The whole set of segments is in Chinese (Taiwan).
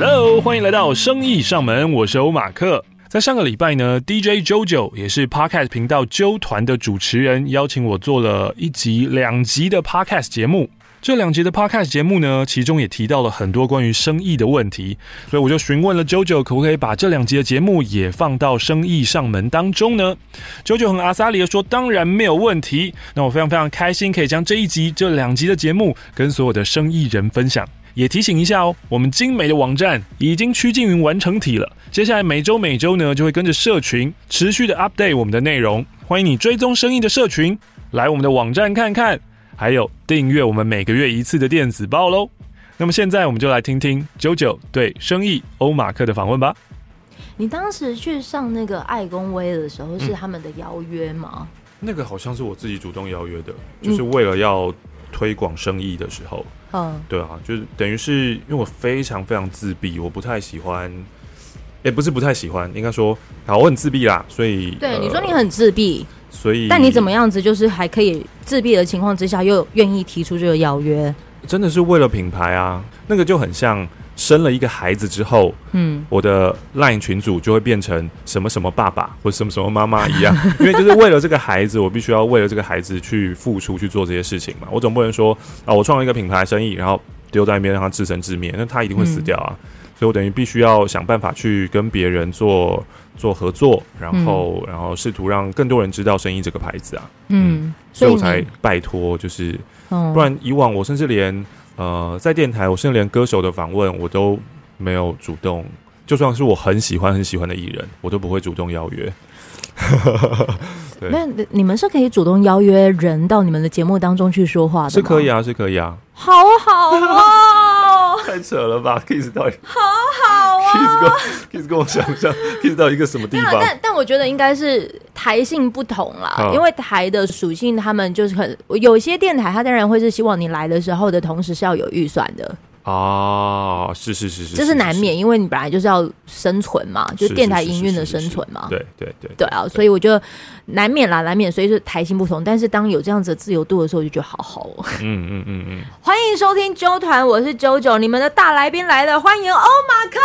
Hello，歡迎來到聲藝上門，我是歐馬克。在上個禮拜呢，DJ JoJo 也是 Podcast 頻道啾團的主持人，邀請我做了一集兩集的 Podcast 節目。這兩集的 Podcast 節目呢，其中也提到了很多關於生意的問題，所以我就詢問了 JoJo 可不可以把這兩集的節目也放到聲藝上門當中呢？JoJo 和阿薩里說：“當然沒有問題。”那我非常非常開心，可以將這一集這兩集的節目跟所有的聲藝人分享。也提醒一下哦，我們精美的網站已經趨近於完成體了。接下來每周每周呢，就會跟着社群持續的 update 我們的內容。歡迎你追蹤聲藝的社群來我們的網站看看，還有訂閱我們每個月一次的電子報嘍。那麼現在我們就來聽聽 JoJo 對聲藝歐馬克的訪問吧。你當時去上那個愛公威的時候、嗯，是他們的邀約嗎？那個好像是我自己主動邀約的，就是為了要推廣聲藝的時候。嗯，對啊，就是等於是因為我非常非常自閉，我不太喜歡，也不是不太喜歡，應該說，好，我很自閉啦，所以對、呃、你說你很自閉，所以但你怎麼樣子，就是還可以自閉的情況之下，又願意提出這個邀約，真的是為了品牌啊，那個就很像。生了一個孩子之後，嗯，我的 Line 群組就會變成什麼什麼爸爸或什麼什麼媽媽一樣， 因為就是為了這個孩子，我必須要為了這個孩子去付出去做這些事情嘛。我總不能說啊、哦，我創了一個品牌聲藝，然後丟在那邊讓他自生自滅，那他一定會死掉啊。嗯、所以，我等於必須要想辦法去跟別人做做合作，然後，嗯、然後試圖讓更多人知道聲藝這個牌子啊。嗯，所以我才拜託，就是、嗯，不然以往我甚至連。呃，在電臺，我甚至連歌手的訪問我都沒有主動，就算是我很喜歡很喜歡的藝人，我都不會主動邀約、嗯。那 你們是可以主動邀約人到你們的節目當中去說話的？是可以啊，是可以啊，好好啊。 太扯了吧，kiss 到一個，好好啊，kiss 跟 kiss 跟我想一下 ，kiss 到一個什麼地方？但但我覺得應該是台性不同啦，啊、因為台的屬性，他們就是很有些電台，他當然會是希望你來的時候的同時是要有預算的。哦，是是是是,是，這是難免，是是是是因為你本來就是要生存嘛，是是是是是就電台營運的生存嘛。是是是是是對對對,對，對啊，對對對對所以我覺得難免啦，難免。所以是台型不同，但是當有這樣子的自由度的時候，就覺得好好哦、喔。嗯嗯嗯嗯，歡迎收聽啾團，我是啾啾，你們的大來賓來了，歡迎歐馬克。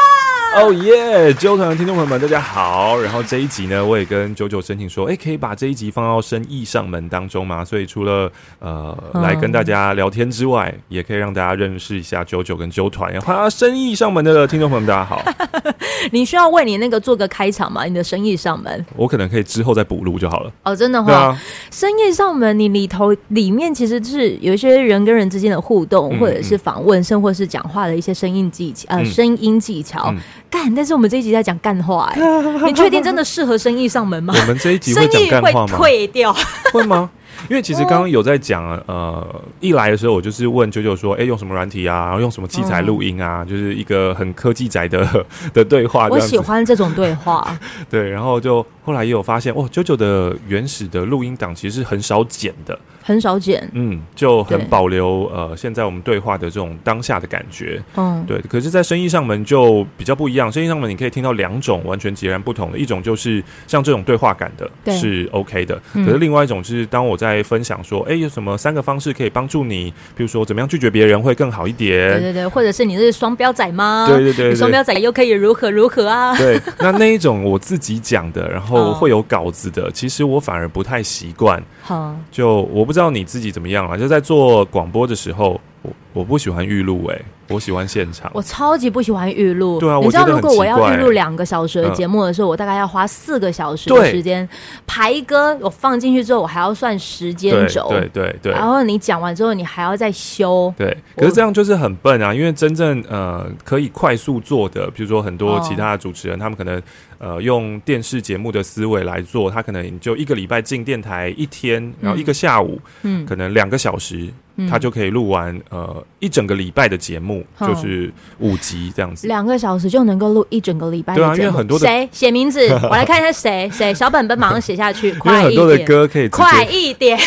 哦耶，啾團的聽眾朋友們，大家好。然後這一集呢，我也跟啾啾申請說，哎、欸，可以把這一集放到生意上門當中嗎？所以除了呃來跟大家聊天之外、嗯，也可以讓大家認識一下啾啾。跟啾團，然後他生意上門的聽眾朋友們，大家好。 你需要為你那個做個開場嗎？你的生意上門，我可能可以之後再補錄就好了。哦，真的哈、啊，生意上門，你裡頭裡面其實是有一些人跟人之間的互動，嗯嗯、或者是訪問，甚或是講話的一些聲音技巧、呃嗯、聲音技巧，呃、嗯，聲音技巧幹。但是我們這一集在講幹話、欸， 你確定真的適合生意上門嗎？ 我們這一集生意會退掉， 會嗎？因為其實剛剛有在講、嗯，呃，一來的時候我就是問啾啾說，哎、欸，用什麼軟體啊？然後用什麼器材錄音啊、嗯？就是一個很科技宅的的對話。我喜歡這種對話。 對，然後就後來也有發現，哦，啾啾的原始的錄音檔其實是很少剪的，很少剪。嗯，就很保留呃，現在我們對話的這種當下的感覺。嗯，對。可是，在聲音上面就比較不一樣。聲音上面你可以聽到兩種完全截然不同的，一種就是像這種對話感的，是 OK 的、嗯。可是另外一種就是當我，在分享說，哎、欸，有什麼三個方式可以幫助你？比如說，怎麼樣拒絕別人會更好一點？對對對，或者是你是雙標仔嗎？對對對,對，雙標仔又可以如何如何啊？對，那那一種我自己講的，然後會有稿子的，oh. 其實我反而不太習慣。好、oh.，就我不知道你自己怎麼樣啊，就在做廣播的時候。我，我不喜歡預錄，哎、欸，我喜歡現場。我超級不喜歡預錄，對啊，你知道如果我要預錄兩個小時的節目的時候，嗯、我大概要花四個小時的時間排歌，我放進去之後，我還要算時間軸，對對、對、對。然後你講完之後，你還要再修。對，可是這樣就是很笨啊，因為真正呃可以快速做的，比如說很多其他的主持人、哦，他們可能呃用電視節目的思維來做，他可能就一個禮拜進電台一天，然後一個下午，嗯、可能兩個小時。嗯嗯嗯，他就可以錄完呃一整個禮拜的節目，嗯，就是五集這樣子，兩個小時就能夠錄一整個禮拜。對啊，因為很多的，誰寫名字， 我來看一下誰誰小本本馬上寫下去。有 很多的歌可以，快一點。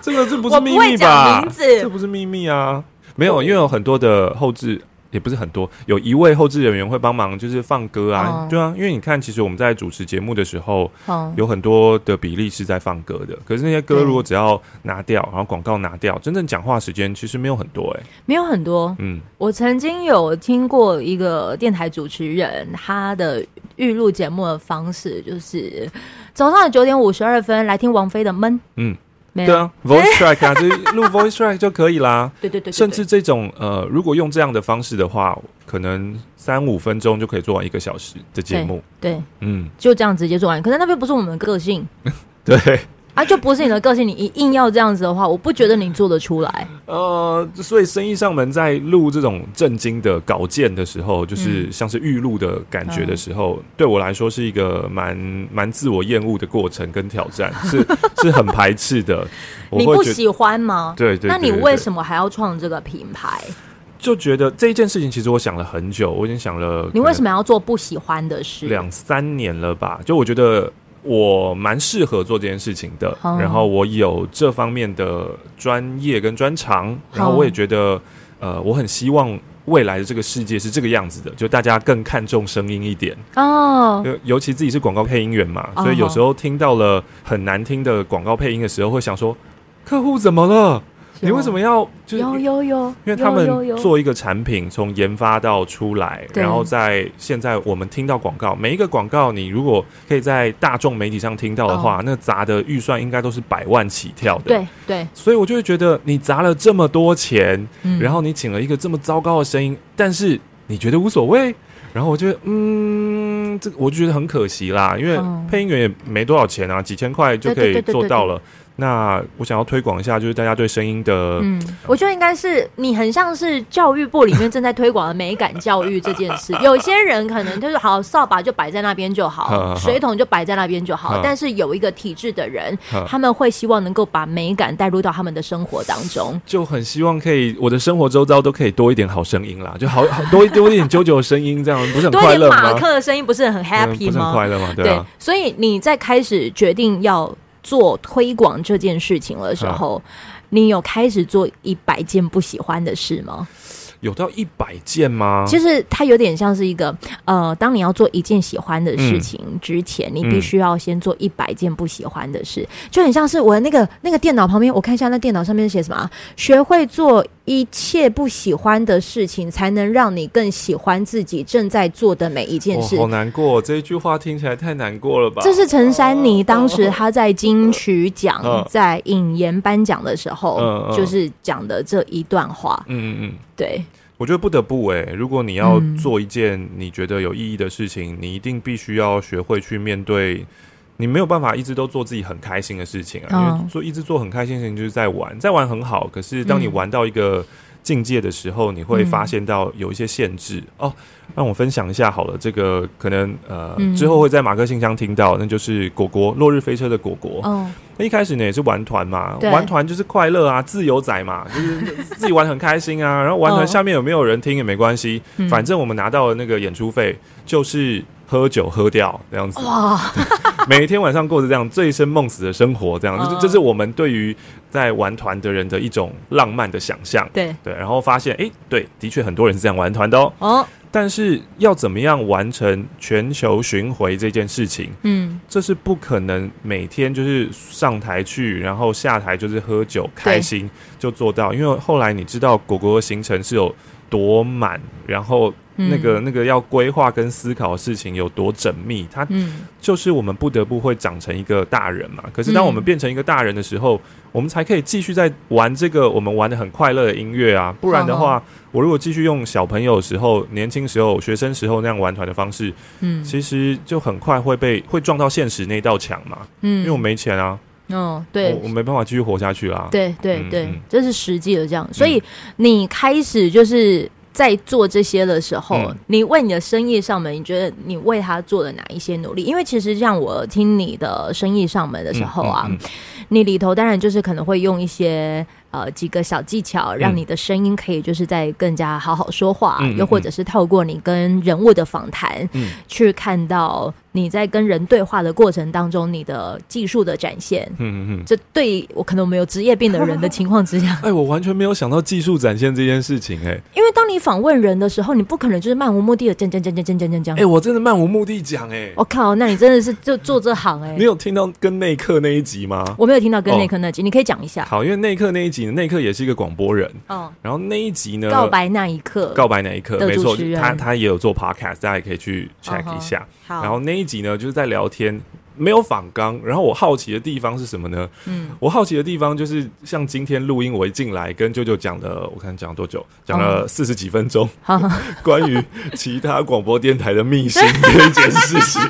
這 個，這不是秘密吧？不吧，這不是秘密啊。沒有，因為有很多的後製。也不是很多，有一位後製人員會幫忙，就是放歌啊，嗯，對啊，因為你看，其實我們在主持節目的時候，嗯，有很多的比例是在放歌的。可是那些歌如果只要拿掉，嗯，然後廣告拿掉，真正講話時間其實沒有很多，欸，哎，沒有很多。嗯，我曾經有聽過一個電台主持人，他的預錄節目的方式，就是早上的九點五十二分來聽王菲的《悶》，嗯。啊對啊、欸、，voice track 啊，就錄 voice track 就可以啦。 對對對,對，甚至這種呃，如果用這樣的方式的話，可能三五分鐘就可以做完一個小時的節目對。對，嗯，就這樣直接做完。可是那邊不是我們的個性， 對。啊，就不是你的個性，你一硬要這樣子的話，我不覺得你做得出來。呃，所以生意上門在錄這種正經的稿件的時候，就是像是預錄的感覺的時候、嗯，對我來說是一個蠻蠻自我厭惡的過程跟挑戰，嗯、是是很排斥的。 你不喜歡嗎？對對，對對，那你為什麼還要創這個品牌？就覺得這一件事情，其實我想了很久，我已經想了。你為什麼要做不喜歡的事？兩三年了吧，就我覺得。我蠻適合做這件事情的，好好，然後我有這方面的專業跟專長，然後我也覺得，呃，我很希望未來的這個世界是這個樣子的，就大家更看重聲音一點哦，尤尤其自己是廣告配音員嘛，哦，所以有時候聽到了很難聽的廣告配音的時候，會想說，哦，客戶怎麼了你為什麼要？就是因為他們做一個產品，從研發到出來，有有有，然後在現在我們聽到廣告，每一個廣告你如果可以在大眾媒體上聽到的話，oh. 那砸的預算應該都是百萬起跳的。對、嗯、對，所以我就會覺得你砸了這麼多錢，然後你請了一個這麼糟糕的聲音，嗯，但是你覺得無所謂？然後我就覺得，嗯，這個我就覺得很可惜啦，因為配音員也沒多少錢啊，oh. 幾千塊就可以做到了。對對對對對對那我想要推廣一下，就是大家對聲音的，嗯，我覺得應該是你很像是教育部裡面正在推廣的美感教育這件事。 有些人可能就是好掃把就擺在那邊就好呵呵呵，水桶就擺在那邊就好，呵呵但是有一個體質的人，他們會希望能夠把美感帶入到他們的生活當中，就很希望可以我的生活周遭都可以多一點好聲音啦，就好好多多一點啾啾的聲音，這樣 不是很快樂嗎？多一點馬克的聲音不是很 happy 嗎？嗯、很快樂對，對啊。所以你在開始決定要。做推廣這件事情的時候，啊，你有開始做一百件不喜歡的事嗎？有到一百件嗎？其實它有點像是一個呃，當你要做一件喜歡的事情之前，嗯、你必須要先做一百件不喜歡的事，嗯、就很像是我的那個那個電腦旁邊，我看一下那電腦上面寫什麼，學會做。一切不喜歡的事情，才能讓你更喜歡自己正在做的每一件事。好難過，這一句話聽起來太難過了吧？這是陳珊妮當時她在金曲獎、哦、在引言頒獎的時候，哦、就是講的這一段話。嗯嗯、嗯，對我覺得不得不哎、欸，如果你要做一件你覺得有意義的事情，嗯、你一定必須要學會去面對。你沒有辦法一直都做自己很開心的事情啊，因為做一直做很開心的事情就是在玩，在、oh. 玩很好。可是當你玩到一個境界的時候，嗯、你會發現到有一些限制、嗯、哦。讓我分享一下好了，這個可能呃、嗯、之後會在馬克信箱聽到，那就是果果落日飛車的果果。Oh. 那一開始呢也是玩團嘛，玩團就是快樂啊，自由仔嘛，就是自己玩很開心啊。 然後玩團下面有沒有人聽也沒關係，oh. 反正我們拿到了那個演出費就是。喝酒喝掉這樣子，哇 每天晚上過着這樣醉生夢死的生活，這樣子，哦、這是我們對於在玩團的人的一種浪漫的想象。對對，然後發現，哎、欸，對，的確很多人是這樣玩團的哦、喔。哦，但是要怎麼樣完成全球巡迴這件事情？嗯，這是不可能每天就是上台去，然後下台就是喝酒開心就做到，因為後來你知道果果的行程是有多滿，然後。嗯、那個那個要規劃跟思考的事情有多縝密，它就是我們不得不會長成一個大人嘛。嗯、可是當我們變成一個大人的時候，嗯、我們才可以繼續在玩這個我們玩得很快樂的音樂啊。不然的話，嗯、我如果繼續用小朋友的時候、嗯、年輕時候、學生時候那樣玩團的方式，嗯，其實就很快會被會撞到現實那道牆嘛。嗯，因為我沒錢啊。哦，對，我，我沒辦法繼續活下去啊。對對、嗯、對，對、嗯嗯，這是實際的這樣。嗯、所以你開始就是。在做這些的時候，嗯、你為你的生意上門，你覺得你為他做了哪一些努力？因為其實像我聽你的生意上門的時候啊，嗯嗯嗯、你裡頭當然就是可能會用一些呃幾個小技巧，讓你的聲音可以就是再更加好好說話，啊嗯嗯嗯，又或者是透過你跟人物的訪談，嗯嗯，去看到你在跟人對話的過程當中，你的技術的展現。嗯嗯、嗯，這對我可能沒有職業病的人的情況之下， 哎，我完全沒有想到技術展現這件事情，欸、哎。當你訪問人的時候，你不可能就是漫無目的的講講講講講講講講。哎、欸，我真的漫無目的講哎、欸。我靠，那你真的是就做這行哎、欸。 你有聽到跟內科那一集嗎？我沒有聽到跟內科那一集、哦、那一集，你可以講一下。好，因為內科那一集呢，內科也是一個廣播人。哦。然後那一集呢，告白那一刻。告白那一刻。沒錯，他他也有做 podcast，大家也可以去 check 一下。Uh-huh, 好。然後那一集呢，就是在聊天。沒有仿剛，然後我好奇的地方是什麼呢？嗯，我好奇的地方就是像今天錄音，我一進來跟舅舅講的，我看講了多久，講、oh. 了四十幾分鐘，oh. 關於其他廣播電台的秘辛這件事情。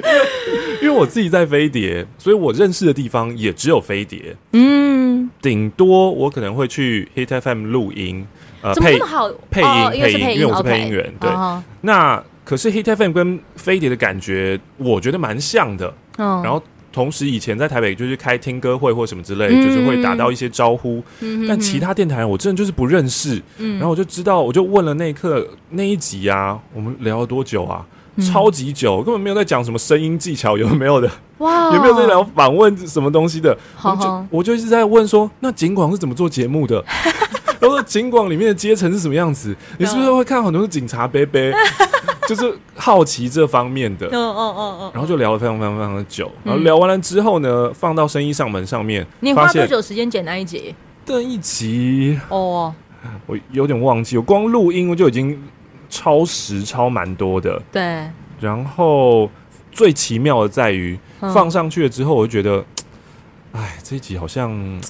因為我自己在飛碟，所以我認識的地方也只有飛碟。嗯，頂多我可能會去 Hit FM 錄音，呃，怎麼那麼好配、好配音、oh, 配音，因為我是配音員。Okay. 對，oh. 那可是 Hit FM 跟飛碟的感覺，我覺得蠻像的。然後同時，以前在台北就是開聽歌會或者什麼之類，就是會打到一些招呼。嗯、但其他電台，我真的就是不認識。嗯、然後我就知道，我就問了，那一刻那一集啊，我們聊了多久啊、嗯？超級久，根本沒有在講什麼聲音技巧有沒有的？哇， 有沒有在聊訪問什麼東西的？好好我，就我就我就一直在問說，那警廣是怎麼做節目的？ 然後說警廣裡面的階層是什麼樣子？你是不是會看很多是警察杯杯？ 就是好奇這方面的，嗯嗯嗯嗯，然後就聊了非常非常非常的久，然後聊完了之後呢，放到生意上門上面，你花多久時間剪那一集？那一集哦，我有點忘記，我光錄音我就已經超時超蠻多的，對。然後最奇妙的在於放上去了之後，我就覺得，哎，這一集好像。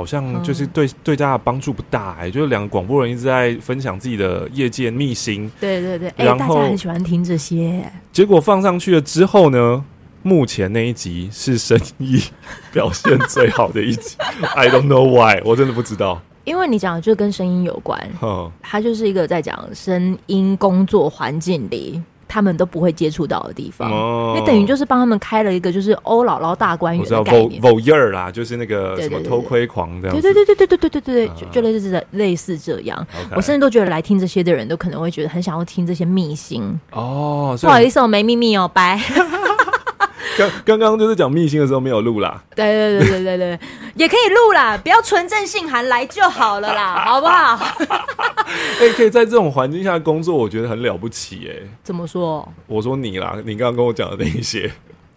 好像就是對、嗯、對,對大家幫助不大哎、欸，就是兩個廣播人一直在分享自己的業界秘辛。對對對，哎、欸，大家很喜歡聽這些、欸。結果放上去了之後呢，目前那一集是聲藝表現最好的一集。 I don't know why，我真的不知道。因為你講的就跟聲音有關，嗯，他就是一個在講聲音工作環境裡。他們都不會接觸到的地方，哦。那等於就是幫他們開了一個就是歐姥姥大觀園的概念。我知道。Voyeur 啦，就是那個什麼偷窺狂這樣，對對對對對對對對對，啊、就類似這類似這樣、okay。我甚至都覺得來聽這些的人都可能會覺得很想要聽這些秘辛哦，不好意思，我沒秘密哦，拜。 剛，剛剛就是講秘辛的時候沒有錄啦，對對對對對對， 也可以錄啦，不要純正信函 來就好了啦，好不好？哎 欸，可以在這種環境下工作，我覺得很了不起哎、欸。怎麼說？我說你啦，你剛剛跟我講的那一些。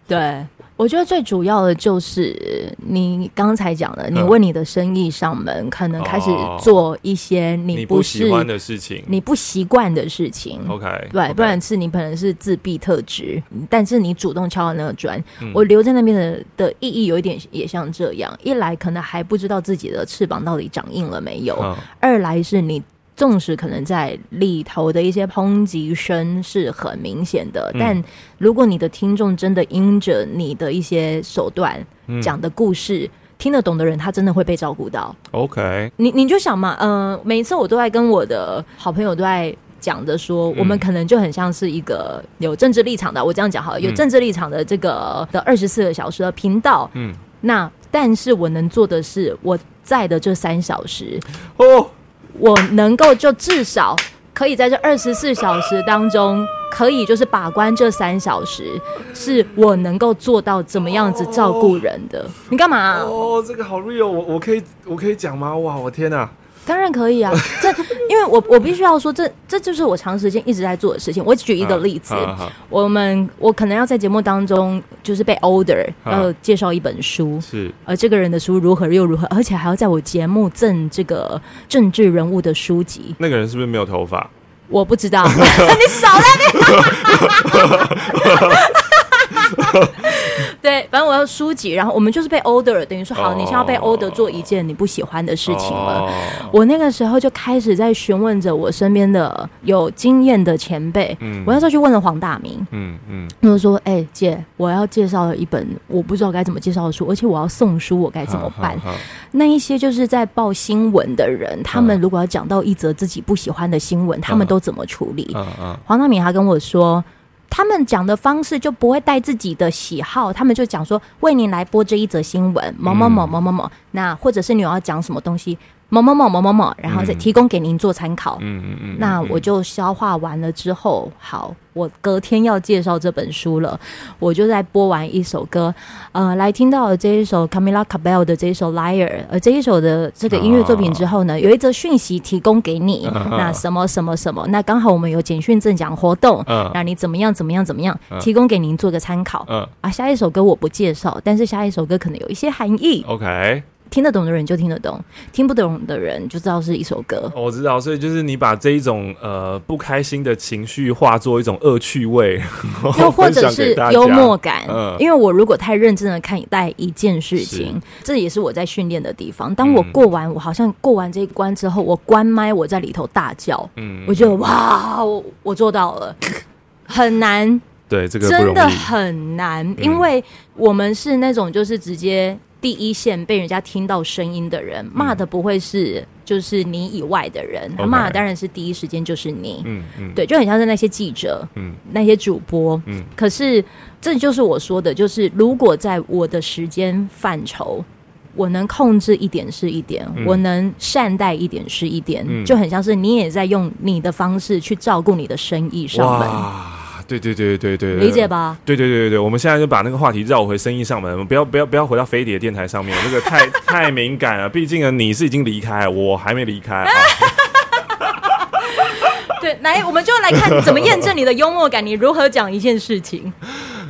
對。我覺得最主要的就是你剛才講的，你為你的生意上門、嗯，可能開始做一些你不，你不喜歡的事情，你不習慣的事情。OK，對，不然是你可能是自閉特質，okay. 但是你主動敲了那個磚、嗯，我留在那邊的的意義有一點也像這樣：一來可能還不知道自己的翅膀到底長硬了沒有、嗯；二來是你。重視可能在裡頭的一些抨擊聲是很明顯的、嗯，但如果你的聽眾真的因着你的一些手段講的故事、嗯、聽得懂的人，他真的會被照顧到。OK，你你就想嘛，嗯、呃，每次我都在跟我的好朋友都在講着說、嗯，我們可能就很像是一個有政治立場的。我這樣講好了，有政治立場的這個、嗯、的二十四個小時的頻道，嗯，那但是我能做的是我在的這三小時哦。Oh! 我能夠就至少可以在這二十四小時當中，可以就是把關這三小時，是我能夠做到怎麼樣子照顧人的。Oh... 你幹嘛？哦，這個好 real，我我可以我可以講嗎？哇，我天哪！當然可以啊，這因為我我必須要說這，這這就是我長時間一直在做的事情。我舉一個例子，啊啊啊、我們我可能要在節目當中就是被 order、啊、要介紹一本書，是而這個人的書如何又如何，而且還要在我節目贈這個政治人物的書籍。那個人是不是沒有頭髮？我不知道， 你少了你。對，反正我要書籍，然後我們就是被 order，等於說好，oh, 你先要被 order 做一件你不喜歡的事情了。Oh. 我那個時候就開始在詢問着我身邊的有經驗的前輩，嗯、mm -hmm.，我那時候去問了黃大明，嗯嗯，他說：“哎、欸、姐，我要介紹一本我不知道該怎麼介紹的書，而且我要送書，我該怎麼辦？” oh, oh, oh. 那一些就是在報新聞的人，他們如果要講到一則自己不喜歡的新聞，oh. 他們都怎麼處理？Oh, oh. 黃大明他跟我說。他們講的方式就不會帶自己的喜好，他們就講說，為您來播這一則新聞，某某某某某某，那或者是你要講什麼東西。某某某某某某，然後再提供給您做參考。嗯嗯嗯。那我就消化完了之後，好，我隔天要介紹這本書了。我就在播完一首歌，呃，來聽到這一首 Camila Cabello 的這一首《Liar》，呃，這一首的這個音樂作品之後呢，哦、有一則訊息提供給你、哦。那什麼什麼什麼？那剛好我們有簡訊贈獎活動，讓、哦、你怎麼樣怎麼樣怎麼樣，提供給您做個參考、哦。啊，下一首歌我不介紹，但是下一首歌可能有一些含義。OK。聽得懂的人就聽得懂，聽不懂的人就知道是一首歌。哦，我知道，所以就是你把這一種呃不開心的情緒化作一種惡趣味，又或者是幽默感。因為我如果太認真的看待一件事情，這也是我在訓練的地方。當我過完、嗯、我好像過完這一關之後，我關麥，我在裡頭大叫，嗯，我覺得哇我，我做到了， 很難，對，這個真的很難、嗯，因為我們是那種就是直接。第一線被人家聽到聲音的人罵的不會是就是你以外的人，罵、okay. 他罵的當然是第一時間就是你。嗯嗯，對，就很像是那些記者，嗯，那些主播，嗯。可是這就是我說的，就是如果在我的時間範疇，我能控制一點是一點，嗯、我能善待一點是一點、嗯，就很像是你也在用你的方式去照顧你的生意上門。對對對對對,對，理解吧？對對對對,對我們現在就把那個話題繞回生意上面，不要不要不要回到飛碟電台上面， 那個太太敏感了。畢竟啊，你是已經離開了，我還沒離開。 好 對，來，我們就來看怎麼驗證你的幽默感， 你如何講一件事情？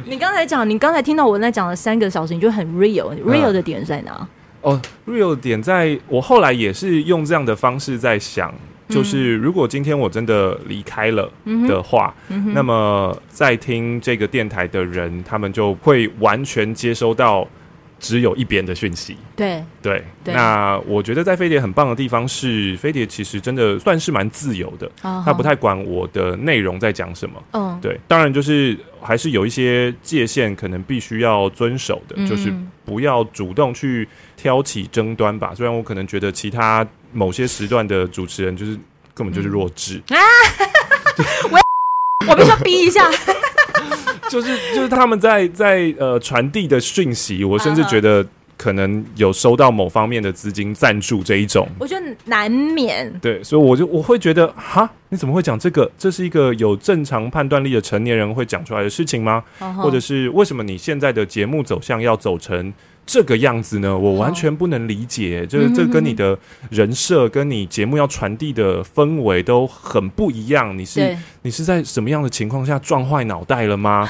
你剛才講，你剛才聽到我在講了三個小時，你覺得很 real？real real 的點在哪？啊、哦，real 的點在我後來也是用這樣的方式在想。嗯、就是如果今天我真的離開了的話，嗯嗯、那麼在聽這個電台的人，他們就會完全接收到只有一邊的訊息。對對，對，那我覺得在飛碟很棒的地方是，飛碟其實真的算是蠻自由的好好，他不太管我的內容在講什麼、嗯。對，當然就是還是有一些界限，可能必須要遵守的，嗯嗯，就是不要主動去挑起爭端吧。雖然我可能覺得其他。某些時段的主持人就是根本就是弱智啊，嗯！ 我我必須要逼一下， 就是就是他們在在呃傳遞的訊息，我甚至覺得可能有收到某方面的資金贊助這一種，我覺得難免。對，所以我就我會覺得哈，你怎麼會講這個？這是一個有正常判斷力的成年人會講出來的事情嗎，嗯？或者是為什麼你現在的節目走向要走成？這個樣子呢，我完全不能理解。哦、就是這跟你的人設、嗯哼哼，跟你節目要傳遞的氛圍都很不一樣。你是你是在什麼樣的情況下撞壞腦袋了嗎？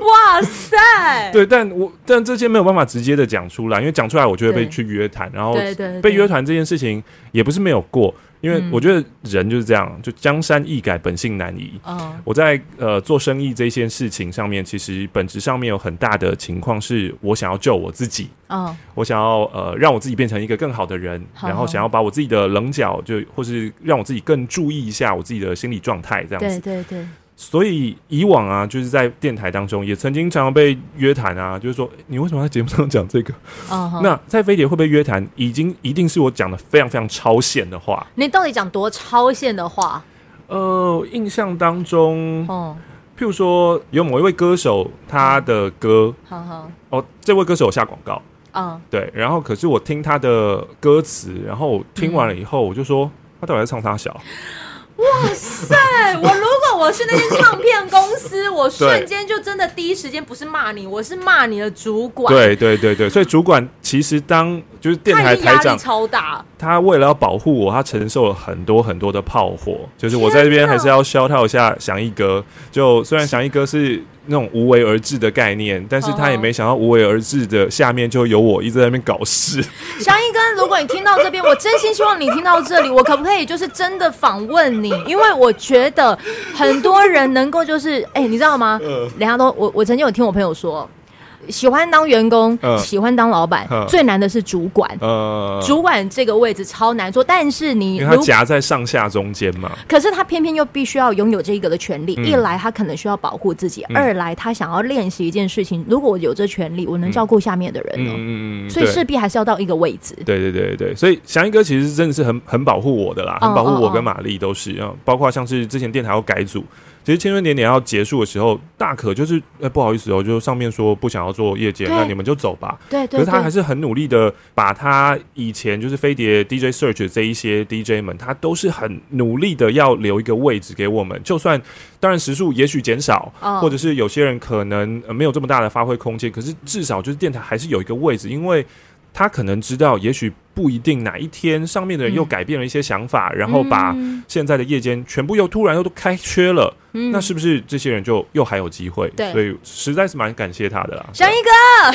哇塞！ 對，但我但這些沒有辦法直接的講出來，因為講出來我就會被去約談。然後被約談這件事情也不是沒有過。因為我覺得人就是這樣，就江山易改，本性難移。哦、我在呃做生意這件事情上面，其實本質上面有很大的情況是我想要救我自己。哦、我想要呃讓我自己變成一個更好的人，好好。然後想要把我自己的稜角就或是讓我自己更注意一下我自己的心理狀態，這樣子。對對對。所以以往啊，就是在電台當中也曾經常常被約談啊，就是說你為什麼在節目上講這個、哦哦？那在飛碟會不會約談，已經一定是我講的非常非常超限的話。你到底講多超限的話？呃，印象當中，哦，譬如說有某一位歌手，他的歌，好、哦、好、哦、這位歌手有下廣告啊、哦，對，然後可是我聽他的歌詞，然後聽完了以後，嗯、我就說他到底在唱三小。哇塞，我如果 我是那些唱片公司， 我瞬間就真的第一時間不是罵你，我是罵你的主管。對對對對，所以主管其實當就是電台台長壓力超大，他為了要保護我，他承受了很多很多的炮火。就是我在這邊還是要 shout out 一下翔一哥，就雖然翔一哥是。那種無為而治的概念，但是他也沒想到無為而治的下面就有我一直在那邊搞事。翔一 哥，如果你聽到這邊，我真心希望你聽到這裡，我可不可以就是真的訪問你？因為我覺得很多人能夠就是，哎、 欸，你知道嗎？兩、呃、家都，我我曾經有聽我朋友說。喜歡當員工，呃、喜歡當老板、呃，最難的是主管、呃。主管這個位置超難做，但是你他夾在上下中間嘛。可是他偏偏又必須要擁有這一個的權利、嗯。一來他可能需要保護自己、嗯，二來他想要練習一件事情。如果我有這權利，我能照顧下面的人、喔。嗯嗯，嗯，所以勢必還是要到一個位置。對對對對，所以翔一哥其實真的是很很保護我的啦，很保護我跟瑪麗都是，哦哦哦，包括像是之前電台要改組。其實《青春點點》要結束的時候，大可就是、哎，不好意思哦，就上面說不想要做夜間，那你們就走吧對。對，可是他還是很努力的，把他以前就是飛碟 DJ Search 的這一些 DJ 們，他都是很努力的要留一個位置給我們。就算當然時數也許減少、哦，或者是有些人可能、呃、沒有這麼大的發揮空間，可是至少就是電台還是有一個位置，因為他可能知道，也許。不一定哪一天上面的人又改變了一些想法、嗯，然後把現在的夜間全部又突然又都開缺了、嗯，那是不是這些人就又還有機會？對，所以實在是蠻感謝他的啦，小一哥，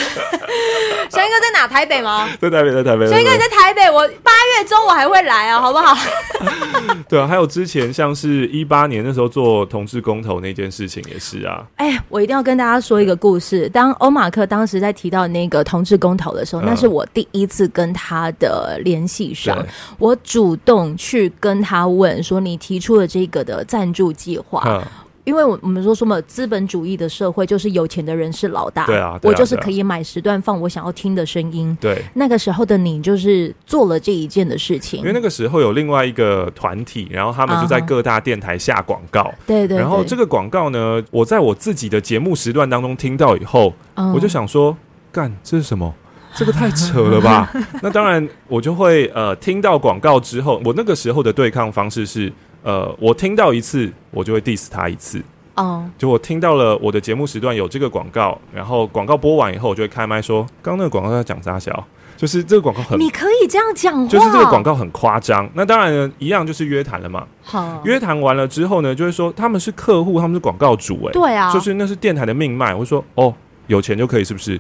小 英哥在哪？台北嗎？在台北，在台北。小一哥你在台北， 我八月中我還會來啊、哦，好不好？ 對啊，還有之前像是一八年那時候做同志公投那件事情也是啊。哎，我一定要跟大家說一個故事。當歐馬克當時在提到那個同志公投的時候、嗯，那是我第一次跟他的。呃，聯繫上我主動去跟他問說：“你提出了這個的贊助計劃，嗯、因為我我們說什麼資本主義的社會，就是有錢的人是老大，對啊，對啊，我就是可以買時段放我想要聽的聲音，對。那個時候的你就是做了這一件的事情，因為那個時候有另外一個團體，然後他們就在各大電台下廣告，啊、對，對對。然後這個廣告呢，我在我自己的節目時段當中聽到以後，嗯、我就想說，幹，這是什麼？這個太扯了吧？ 那當然，我就會呃聽到廣告之後，我那個時候的對抗方式是呃，我聽到一次我就會 diss 他一次。哦，就我聽到了我的節目時段有這個廣告，然後廣告播完以後，我就會開麥說，剛那個廣告在講啥小？就是這個廣告很，你可以這樣講話，就是這個廣告很誇張。那當然一樣就是約談了嘛。好，約談完了之後呢，就會說他們是客戶，他們是廣告主哎。對啊，就是那是電台的命脈。會說哦，有錢就可以是不是？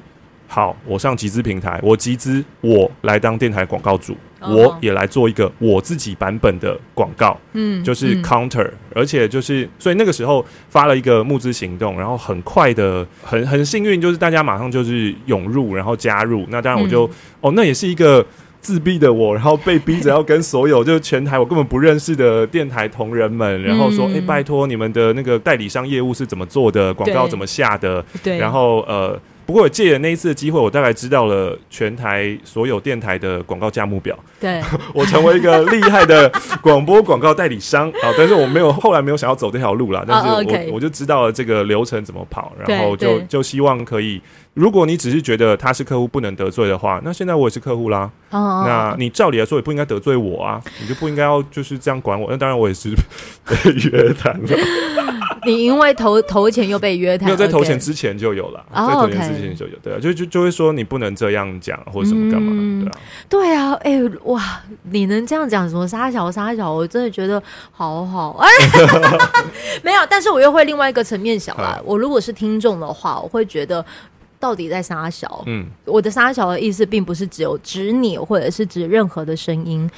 好，我上集資平台，我集資，我來當電台廣告主，oh. 我也來做一個我自己版本的廣告，嗯，就是 counter，、嗯、而且就是，所以那個時候發了一個募資行動，然後很快的，很很幸運，就是大家馬上就是湧入，然後加入。那當然我就，嗯、哦，那也是一個自閉的我，然後被逼着要跟所有 就是全台我根本不認識的電台同仁們，然後說，誒、嗯欸，拜托你們的那個代理商業務是怎麼做的，廣告怎麼下的，對，然後呃。不過我借了那一次的機會，我大概知道了全台所有電台的廣告價目表。對， 我成為一個厲害的廣播廣告代理商 啊！但是我沒有，後來沒有想要走這條路了。但是我，oh, okay. 我我就知道了這個流程怎麼跑，然後就就希望可以。如果你只是覺得他是客戶不能得罪的話，那現在我也是客戶啦。哦，oh，那你照理來說也不應該得罪我啊！Oh, oh, oh. 你就不應該要就是這樣管我。那當然，我也是 約談了。 你因為投投錢又被約談， 沒有在投錢之前就有了，oh, okay. 在投錢之前就有，對啊，就就就會說你不能這樣講或者什麼幹嘛、嗯，對啊，對啊，哎、欸、哇，你能這樣講什麼殺小殺小，我真的覺得好好哎， 沒有，但是我又會另外一個層面想啊。 我如果是聽眾的話，我會覺得到底在殺小，嗯，我的殺小的意思並不是只有指你或者是指任何的聲音。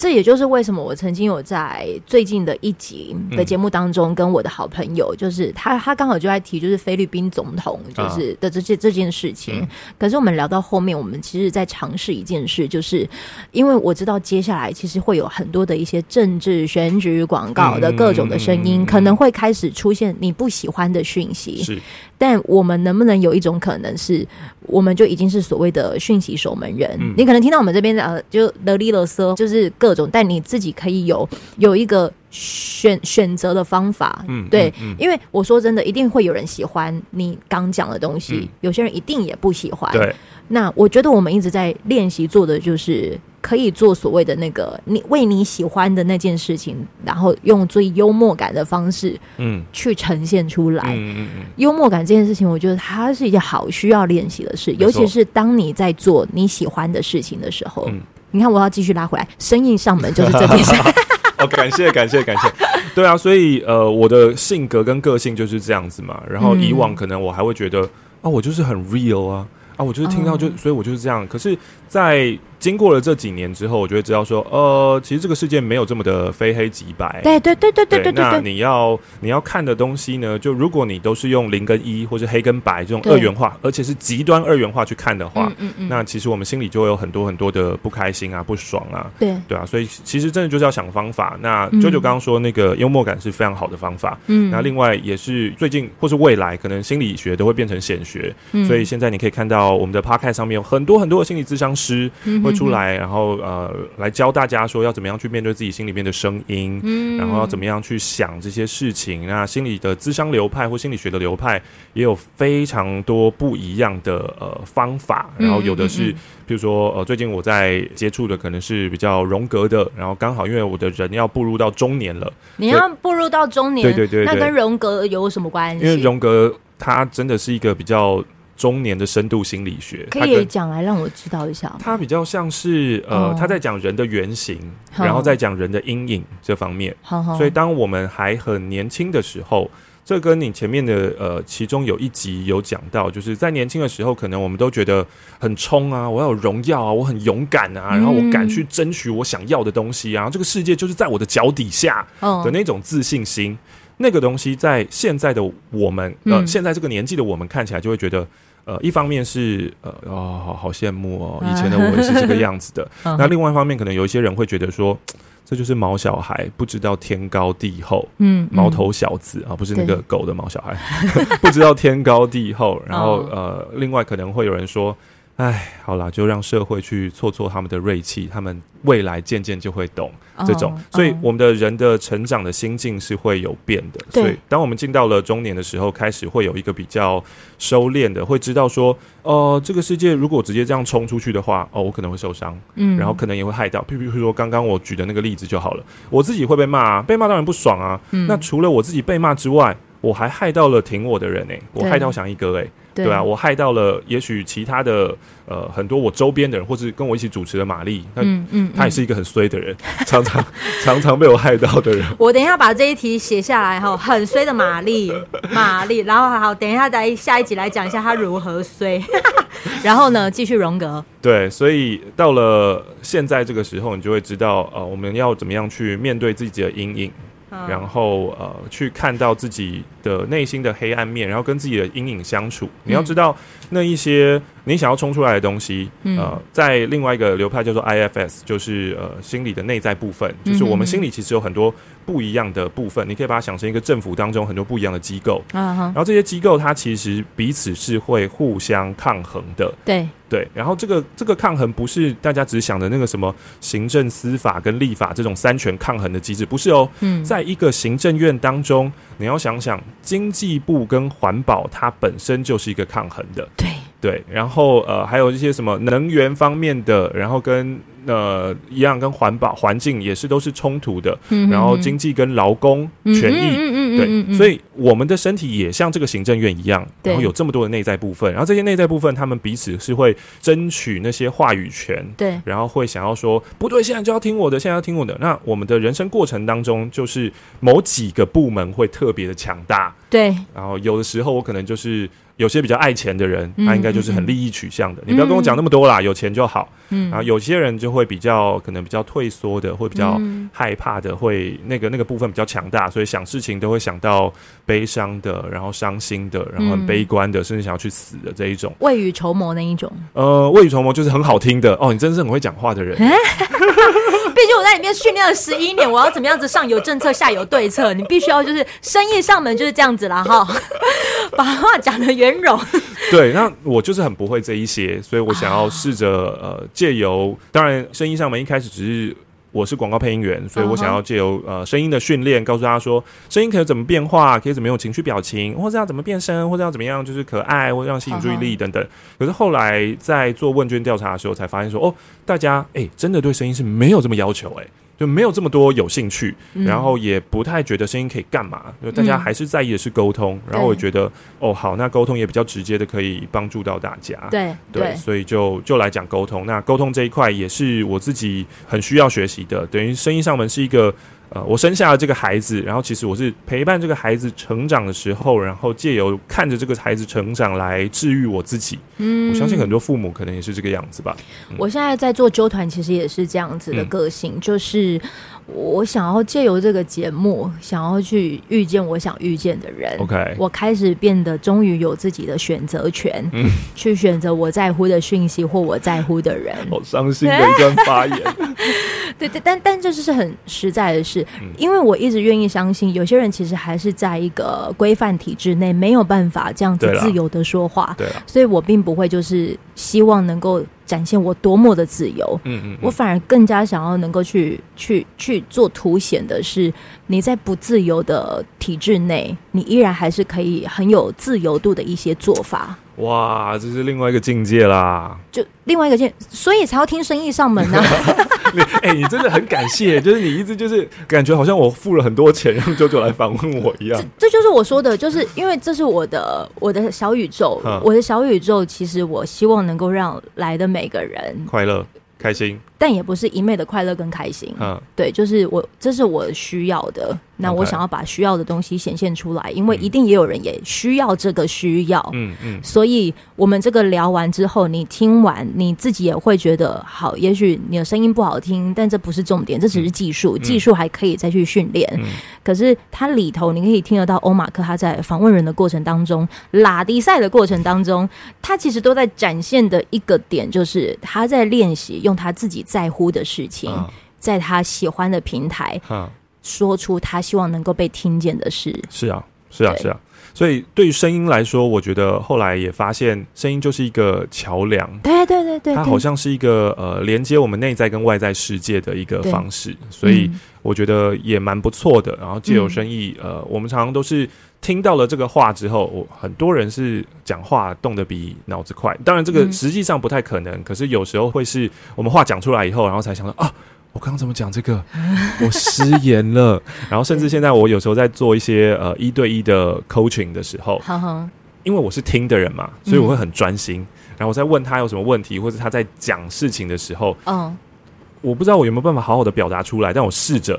這也就是為什麼我曾經有在最近的一集的節目當中，跟我的好朋友，就是他，他剛好就在提，就是菲律賓總統，就是的這件這件事情。可是我們聊到後面，我們其實，在嘗試一件事，就是因為我知道接下來其實會有很多的一些政治選舉廣告的各種的聲音，可能會開始出現你不喜歡的訊息。但我們能不能有一種可能是，我們就已經是所謂的訊息守門人？你可能聽到我們這邊的，呃就的利了嗦，就是各。各種，但你自己可以有有一個選選擇的方法，嗯，對嗯嗯，因為我說真的，一定會有人喜歡你剛講的東西，嗯，有些人一定也不喜歡，嗯，對。那我覺得我們一直在練習做的就是，可以做所謂的那個你為你喜歡的那件事情，然後用最幽默感的方式，嗯，去呈現出來，嗯嗯嗯嗯。幽默感這件事情，我覺得它是一件好需要練習的事，尤其是當你在做你喜歡的事情的時候。嗯你看，我要繼續拉回來，生意上門就是這件事。 哦，感謝感謝感謝，對啊，所以呃，我的性格跟個性就是這樣子嘛。然後以往可能我還會覺得啊、哦，我就是很 real 啊，啊，我就是聽到就，嗯、所以我就是這樣。可是，在經過了這幾年之後，我就會知道說，呃，其實這個世界沒有這麼的非黑即白。對對對對對對。那你要你要看的東西呢，就如果你都是用零跟一，或是黑跟白這種二元化，而且是極端二元化去看的話，那其實我們心裡就會有很多很多的不開心啊、不爽啊。對對啊，所以其實真的就是要想方法。那 JoJo 剛剛說那個幽默感是非常好的方法。嗯。那另外也是最近或是未來，可能心理學都會變成顯學。嗯。所以現在你可以看到我們的 podcast 上面有很多很多的心理諮商師會出來，然後呃，來教大家說要怎麼樣去面對自己心裡面的聲音，嗯、然後要怎麼樣去想這些事情。那心理的諮商流派或心理學的流派也有非常多不一樣的呃方法。然後有的是，比、嗯嗯嗯、如說呃，最近我在接觸的可能是比較榮格的。然後剛好因為我的人要步入到中年了，你要步入到中年，對對對，對，對，那跟榮格有什麼關係？因為榮格他真的是一個比較。中年的深度心理學，可以講來讓我知道一下。他比較像是呃，他、oh. 在講人的原型，oh. 然後在講人的陰影這方面。Oh. 所以當我們還很年輕的時候，這跟你前面的呃，其中有一集有講到，就是在年輕的時候，可能我們都覺得很衝啊，我要有榮耀啊，我很勇敢啊，mm. 然後我敢去爭取我想要的東西啊，這個世界就是在我的腳底下，的那種自信心，oh. 那個東西在現在的我們，呃，mm. 現在這個年紀的我們看起來就會覺得。呃，一方面是呃，哦，好羨慕哦，以前的我也是這個樣子的。 那另外一方面，可能有一些人會覺得說，這就是毛小孩，不知道天高地厚，嗯，嗯，毛頭小子啊，呃，不是那個狗的毛小孩， 不知道天高地厚。 然後呃，另外可能會有人說。哎，好啦，就讓社會去挫挫他們的銳氣，他們未來漸漸就會懂這種、哦。所以我們的人的成長的心境是會有變的。對，所以當我們進到了中年的時候，開始會有一個比較收斂的，會知道說，哦、呃，這個世界如果直接這樣衝出去的話，哦、呃，我可能會受傷，嗯，然後可能也會害到。譬如說，剛剛我舉的那個例子就好了，我自己會被罵、啊，被罵當然不爽啊、嗯，那除了我自己被罵之外，我還害到了挺我的人誒、欸、我害到翔一哥誒、欸。對啊，我害到了，也許其他的呃很多我周邊的人，或是跟我一起主持的瑪麗，嗯嗯，嗯，她也是一個很衰的人，常常 常常被我害到的人。我等一下把這一題寫下來哈、哦，很衰的瑪麗，瑪 麗。然後好，好，等一下再下一集來講一下她如何衰。 然後呢，繼續榮格。對，所以到了現在這個時候，你就會知道，呃，我們要怎麼樣去面對自己的陰影，然後呃，去看到自己，的內心的黑暗面，然後跟自己的陰影相處、嗯。你要知道，那一些你想要衝出來的東西、嗯，呃，在另外一個流派叫做 IFS，就是呃，心理的內在部分、嗯，就是我們心裡其實有很多不一樣的部分、嗯。你可以把它想成一個政府當中很多不一樣的機構、啊哈，然後這些機構它其實彼此是會互相抗衡的。對對，然後這個這個抗衡不是大家只想着那個什麼行政、司法跟立法這種三權抗衡的機制，不是哦。嗯，在一個行政院當中，你要想想。經濟部跟環保，它本身就是一個抗衡的。對。對，然後呃，還有一些什麼能源方面的，然後跟呃一樣，跟環保、環境也是都是衝突的。嗯哼哼。然後經濟跟勞工權益，嗯、哼哼哼，嗯嗯對，所以我們的身體也像這個行政院一樣，對，然後有這麼多的內在部分，然後這些內在部分他們彼此是會爭取那些話語權，對，然後會想要說不對，現在就要聽我的，現在要聽我的。那我們的人生過程當中，就是某幾個部門會特別的強大，對。然後有的時候我可能就是。有些比較愛錢的人，他應該就是很利益取向的。嗯嗯、你不要跟我講那麼多啦、嗯，有錢就好。嗯，然後，有些人就會比較可能比較退縮的，會比較害怕的，會那個那個部分比較強大，所以想事情都會想到悲傷的，然後傷心的，然後很悲觀的、嗯，甚至想要去死的這一種。未雨綢繆那一種。呃，未雨綢繆就是很好聽的哦，你真是很會講話的人。欸 畢竟我在裡面訓練了十一年，我要怎麼樣子上有政策， 下有對策？你必須要就是生意上門，就是這樣子啦，哈， 把話講得圓融。對，那我就是很不會這一些，所以我想要試着、啊、呃，借由當然生意上門，一開始只是。我是廣告配音員，所以我想要借由呃聲音的訓練，告訴大家說聲音可以怎麼變化，可以怎麼有情緒表情，或者要怎麼變聲，或者要怎麼樣就是可愛，或者要吸引注意力等等。Uh -huh. 可是後來在做問卷調查的時候，才發現說哦，大家哎真的對聲音是沒有這麼要求哎、欸。就沒有這麼多有興趣，嗯、然後也不太覺得聲音可以幹嘛，嗯、就大家還是在意的是溝通。嗯、然後我覺得，哦，好，那溝通也比較直接的可以幫助到大家。對對，對，所以就就來講溝通。那溝通這一塊也是我自己很需要學習的，等於聲音上門是一個。呃，我生下了這個孩子，然後其實我是陪伴這個孩子成長的時候，然後借由看着這個孩子成長來治癒我自己。嗯，我相信很多父母可能也是這個樣子吧。嗯、我現在在做啾團，其實也是這樣子的個性，嗯、就是。我想要借由這個節目，想要去遇見我想遇見的人。OK，我開始變得終於有自己的選擇權，嗯，去選擇我在乎的訊息或我在乎的人。 好傷心的一段發言。 對，對對，但但這就是很實在的事，嗯，因為我一直願意相信，有些人其實還是在一個規範體制內，沒有辦法這樣子自由的說話。對，對，所以我並不會就是希望能夠。展現我多麼的自由，嗯嗯，嗯，我反而更加想要能夠去去去做凸顯的是。你在不自由的體制內，你依然還是可以很有自由度的一些做法。哇，這是另外一個境界啦！就另外一個境界，所以才要聽生意上門呢、啊。 你哎、欸，你真的很感謝， 就是你一直就是感覺好像我付了很多錢 讓 JoJo 來訪問我一樣這。這就是我說的，就是因為這是我的我的小宇宙， 我的小宇宙其實我希望能夠讓來的每個人快樂開心。但也不是一昧的快樂跟開心，嗯，對，就是我這是我需要的，那我想要把需要的東西顯現出來，okay. 因為一定也有人也需要這個需要，嗯嗯，所以我們這個聊完之後，你聽完你自己也會覺得好，也許你的聲音不好聽，但這不是重點，這只是技術，嗯，技術還可以再去訓練，嗯，可是它裡頭你可以聽得到歐馬克他在訪問人的過程當中，拉迪賽的過程當中，他其實都在展現的一個點，就是他在練習用他自己在乎的事情，在他喜歡的平台，說出他希望能夠被聽見的事。是啊，是啊，是啊。所以，對於聲音來說，我覺得後來也發現，聲音就是一個橋梁。對，對對對對，它好像是一個呃，連接我們內在跟外在世界的一個方式。所以，我覺得也蠻不錯的。然後藉由生意，借由聲音，呃，我們常常都是聽到了這個話之後，我很多人是講話動得比腦子快。當然，這個實際上不太可能，嗯，可是有時候會是我們話講出來以後，然後才想到啊。我剛剛怎麼講這個？我失言了。 然後，甚至現在我有時候在做一些 呃一對一的 coaching 的時候好好，因為我是聽的人嘛，所以我會很專心、嗯。然後我在問他有什麼問題，或者他在講事情的時候，嗯，我不知道我有沒有辦法好好的表達出來，但我試着，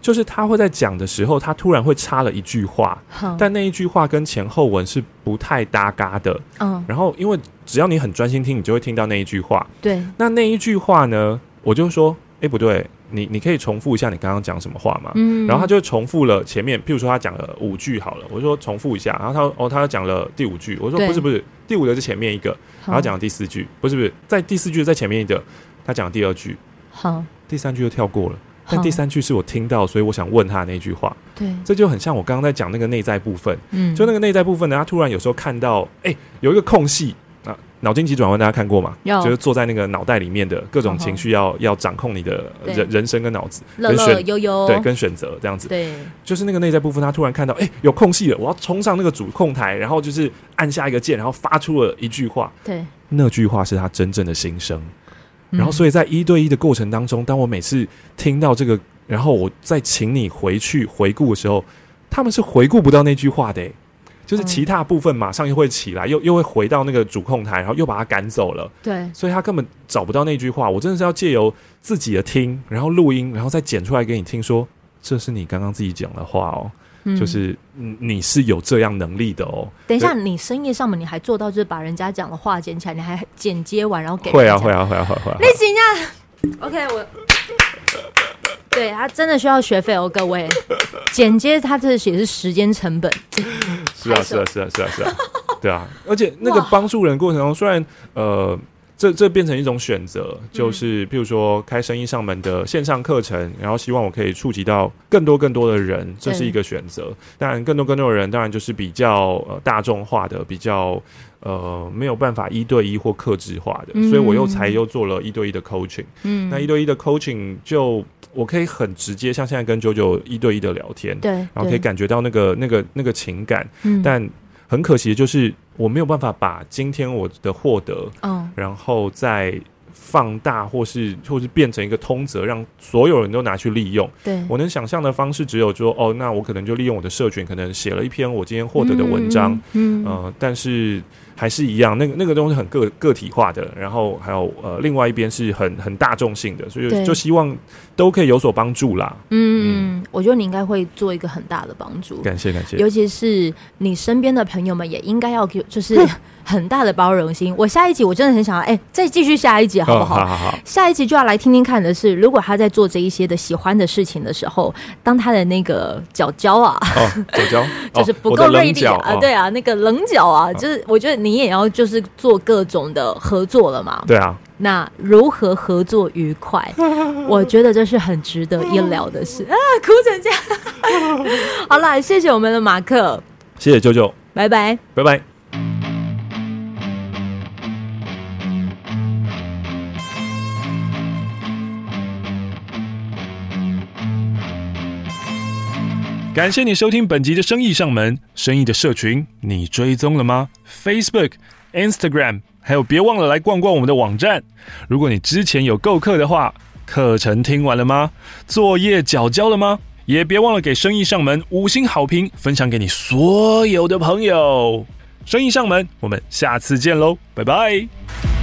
就是他會在講的時候，他突然會插了一句話、嗯，但那一句話跟前後文是不太搭嘎的。嗯，然後因為只要你很專心聽，你就會聽到那一句話。對，那那一句話呢，我就說。哎、欸，不對，你你可以重複一下你剛剛講什麼話嗎？嗯，然後他就重複了前面，譬如說他講了五句好了，我就說重複一下，然後他哦，他講了第五句，我說不是不是，第五的是前面一個，然後他講了第四句，不是不是，在第四句在前面一個，他講了第二句，好，第三句又跳過了，但第三句是我聽到，所以我想問他的那句話，對，這就很像我剛剛在講那個內在部分，嗯，就那個內在部分呢，他突然有時候看到，哎、欸，有一個空隙。腦筋急轉彎，大家看過嗎？Yo, 就是坐在那個腦袋裡面的各種情緒，要、oh, oh. 要掌控你的人人生跟腦子，樂樂悠悠，Lele, you you. 對，跟選擇這樣子。對，就是那個內在部分，他突然看到，哎、欸，有空隙了，我要衝上那個主控台，然後就是按下一個鍵，然後發出了一句話。對，那句話是他真正的心聲、嗯。然後，所以在一對一的過程當中，當我每次聽到這個，然後我再請你回去回顧的時候，他們是回顧不到那句話的、欸。嗯、就是其他部分馬上又會起來，又又會回到那個主控台，然後又把他趕走了。對，所以他根本找不到那句話。我真的是要借由自己的聽，然後錄音，然後再剪出來給你聽說，說這是你剛剛自己講的話哦。嗯、就是你是有這樣能力的哦。嗯、等一下，你深夜上門，你還做到就是把人家講的話剪起來，你還剪接完，然後給會啊會啊會啊會啊，會啊。你等一下，OK，我 對他真的需要學費哦，各位 剪接他這也是時間成本。 是啊是啊是啊是啊是啊，對啊，而且那個幫助人的過程中，雖然、wow. 呃。這這變成一種選擇，就是譬如說開聲音上門的線上課程、嗯，然後希望我可以觸及到更多更多的人，這是一個選擇。嗯、但更多更多的人當然就是比較呃大眾化的，比較呃沒有辦法一對一或客製化的、嗯，所以我又才又做了一對一的 coaching。嗯，那一對一的 coaching 就我可以很直接，像現在跟 JoJo 一對一的聊天，對、嗯，然後可以感覺到那個、嗯、那個那個情感，嗯，但。很可惜就是，我沒有辦法把今天我的獲得，嗯，然後再放大，或是或是變成一個通則，讓所有人都拿去利用。對，我能想象的方式，只有說，哦，那我可能就利用我的社群，可能寫了一篇我今天獲得的文章，嗯嗯嗯，嗯，呃，但是。還是一樣，那個那個東西很個個體化的，然後還有呃，另外一邊是很很大眾性的，所以就，就希望都可以有所幫助啦嗯。嗯，我覺得你應該會做一個很大的幫助，感謝感謝，尤其是你身邊的朋友們也應該要給，就是很大的包容心。我下一集我真的很想要，哎、欸，再繼續下一集好不好？哦、好，好，好，下一集就要來聽聽看的是，如果他在做這一些的喜歡的事情的時候，當他的那個腳腳啊，腳、哦、腳 就是不夠銳利啊，對啊，那個稜角啊、哦，就是我覺得。你也要就是做各種的合作了嘛。對啊，那如何合作愉快？ 我覺得這是很值得一聊的事啊！哭成這樣， 好啦，謝謝我們的馬克，謝謝啾啾，拜拜，拜拜。感謝你收聽本集的《聲藝上門》，聲藝的社群你追蹤了嗎？Facebook、Instagram，還有別忘了來逛逛我們的網站。如果你之前有購課的話，課程聽完了嗎？作業繳交了嗎？也別忘了給《聲藝上門》五星好評，分享給你所有的朋友。聲藝上門，我們下次見嘍，拜拜。